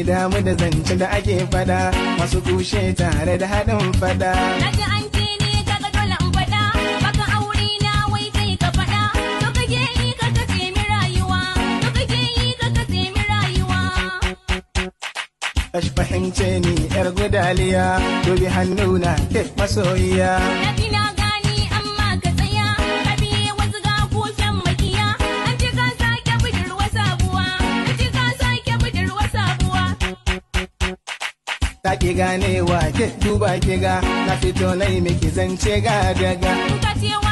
ki damu da zance da ake faɗa, masu kushe tare da haɗin faɗa. Naji an ce ne kaga dole in faɗa, baka aure na wai kai ka faɗa, to kake ka ka rayuwa to kake yi ka ka tsemi rayuwa. Kashi fahimce ni yar gudaliya dubi hannu na ke masoyiya. ta ki gane wa ke duba ki ga na fito nai miki zance ga daga